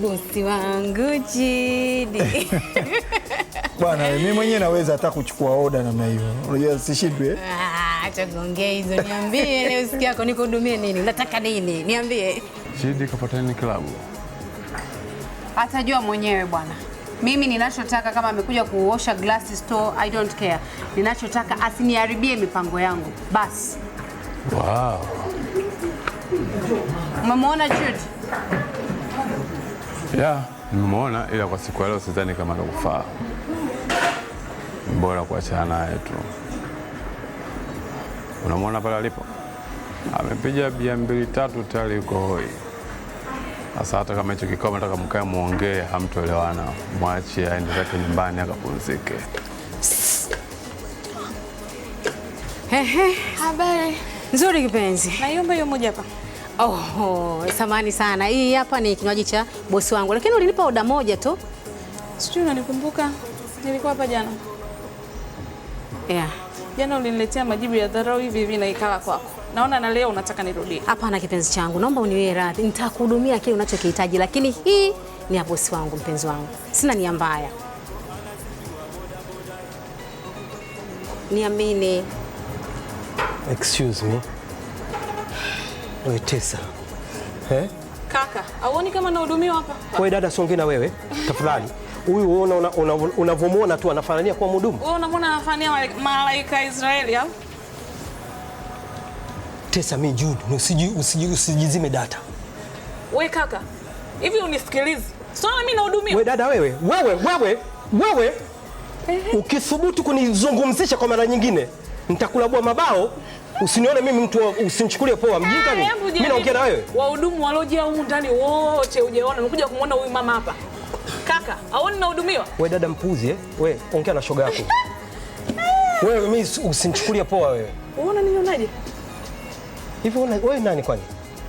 Bosi wangu Bwana, mimi mwenyewe naweza hata kuchukua oda namna hiyo. Unajua sishindwe. Ah acha kuongea hizo, niambie leo siku yako nikuhudumie nini, unataka nini niambie. Sidi kapata nini klabu? Atajua mwenyewe bwana. Mimi ninachotaka kama amekuja kuosha glass store, I don't care. Ninachotaka asiniharibie mipango yangu basi. Wow. Umemwona Jude? Yeah, nimemwona ila kwa siku ya leo sidhani kama atakufaa. Bora kuachana naye tu. Unamwona pale alipo, amepiga bia mbili tatu tayari yuko hoi. Sasa hata kama hicho kikao nataka mkae muongee, hamtoelewana, mwache aende zake nyumbani akapumzike. habari nzuri kipenzi. Naomba hiyo moja hapa. Oh, samani sana. Hii hapa ni kinywaji cha bosi wangu, lakini ulinipa oda moja tu. Sijui unanikumbuka, nilikuwa hapa jana. Yeah jana yaani uliniletea majibu ya dharau hivi hivi na ikala kwako. Naona na leo unataka nirudie. Hapana kipenzi changu, naomba uniwe radhi, nitakuhudumia kile unachokihitaji, lakini hii ni ya bosi wangu, mpenzi wangu, sina nia mbaya, niamini. Excuse me. Wetesa. Eh? Kaka, auoni kama nahudumiwa hapa? Wewe dada, songe na wewe tafadhali huyu unavyomwona tu anafanania kuwa mhudumu, unamwona anafanania malaika Israeli au Tesa mi Jude, usijizime data. We kaka, hivi unisikilizi? Sasa mimi nahudumia. We dada wewe, wewe, wewe, wewe. Ukithubutu kunizungumzisha kwa mara nyingine, nitakulabua mabao. Usinione mimi mtu, usinichukulie poa mjinga. Mimi naongea na wewe. Wahudumu walojia humu ndani wote, ujeona, Nimekuja kumwona huyu mama hapa kaka, au ninahudumiwa? Wewe dada mpuzi eh? Wewe ongea na shoga yako. Wewe mimi usinichukulia poa wewe. Unaona nilionaje? Hivi wewe nani kwani?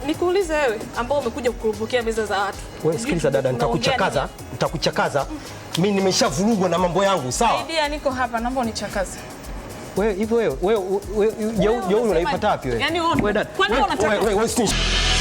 Nikuulize wewe ambao umekuja kukurupukia meza za watu. Wewe sikiliza dada, nitakuchakaza, nitakuchakaza. Mimi nimeshavurugwa na mambo yangu, sawa? Idea niko hapa, naomba unichakaze. Wewe hivi wewe wewe jeuri unaipata wapi wewe? Yaani wewe. Wewe dada. Kwani unataka? Wewe wewe